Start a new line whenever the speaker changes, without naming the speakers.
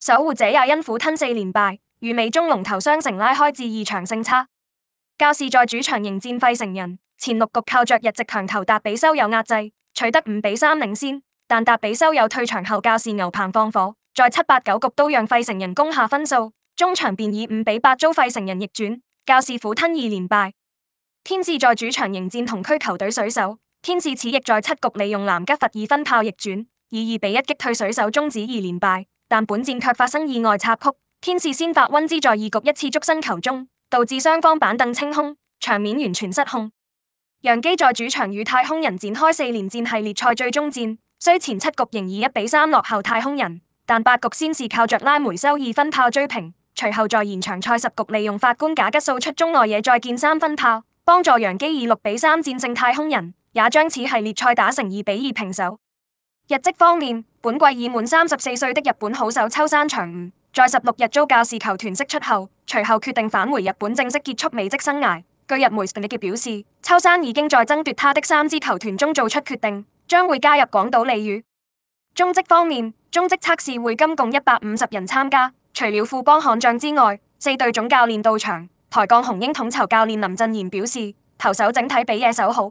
守護者也因苦吞四連敗，與美中龍頭雙城拉開至二場勝差。教士在主場迎戰費城人，前六局靠着日籍強投達比修友壓制，取得五比三領先。但達比修友退場後，教士牛棚放火，在七、八、九局都讓費城人攻下分數，中場便以五比八遭費城人逆轉。教士苦吞二連敗。天使在主場迎戰同區球隊水手，天使此役在七局利用藍吉佛二分炮逆轉，以二比一擊退水手，終止二連敗。但本戰卻發生意外插曲，天使先發温茲在二局一次觸身球中，導致雙方板凳清空，場面完全失控。洋基在主場與太空人展開四連戰系列賽最終戰，雖前七局仍以一比三落後太空人，但八局先是靠着拉梅修二分炮追平，隨後在延長賽十局利用法官假吉掃出中外野再見三分炮，幫助洋基以六比三戰勝太空人，也將此系列賽打成二比二平手。日職方面，本季已滿三十四歲的日本好手秋山翔吾，在十六日遭教士球團釋出後，隨後決定返回日本正式結束美職生涯。據日媒的記者表示，秋山已經在爭奪他的三支球團中做出決定，將會加入廣島鯉魚。中職方面，中職測試會今共一百五十人參加，除了富邦悍將之外，四隊總教練到場。台鋼雄鷹統籌教練林振賢表示，投手整體比野手好。